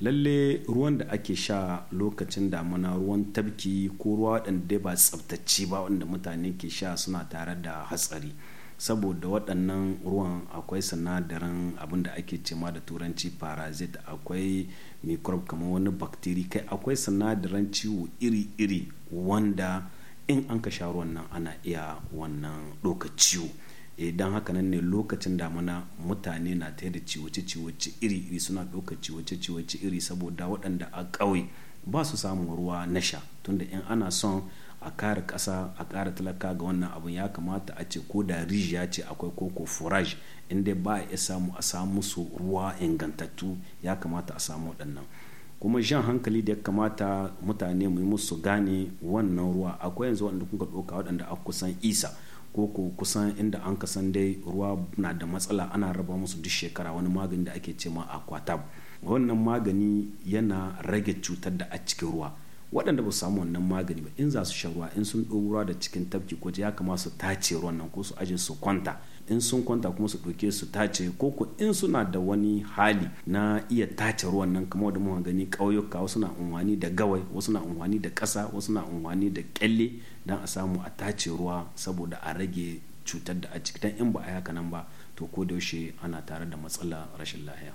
lalle ruwan da ake sha lokacin damuna ruwan tabki ko ruwa waɗanda ba tsabtacce ba wanda mutane ke sha suna tare da hatsari saboda waɗannan ruwan akwai sinadarin abin da ake cema da turanci parasite akwai microbe kamar wani bakteri kai akwai sinadarin ciwo iri-iri wanda in an ka sha ruwan nan ana iya wannan ɗoka ciwo idan eh, haka nan ne lokacin damuna mutane na ta da ciwace-ciwace iri-iri suna ɗaukar ciwace-ciwace iri saboda waɗanda a ƙauye ba su samun ruwa na sha tunda in ana son a kare ƙasa a ƙara talaka ga wannan abun ya kamata a ce ko da rijiya ce akwai koko forage in dai ba a samu a samu su ruwa ingantattu ya kamata a samu waɗannan kuma jan hankali da ya kamata mutane mu yi musu gane wannan ruwa akwai yanzu waɗanda kuka ɗauka waɗanda a kusan isa ko ko kusan inda an ka san dai ruwa na da matsala ana raba musu duk shekara wani magani da ake ce ma aquatab wannan magani yana rage cutar da a cikin ruwa waɗanda ba su samu wannan magani ba in za su sha ruwa in sun ɗau ruwa da cikin tafki ko ya kamata su tace ruwan nan ko su aje su kwanta in sun kwanta kuma su ɗauke su tace ko ko in suna da wani hali na iya tace ruwan nan kamar da muka gani ƙauyuka wasu na unwani da gawai wasu na unwani da ƙasa wasu na unwani da ƙyalle don a samu a tace ruwa saboda a rage cutar da a cikin in ba a yi haka nan ba to ko da yaushe ana tare da matsala rashin lahiya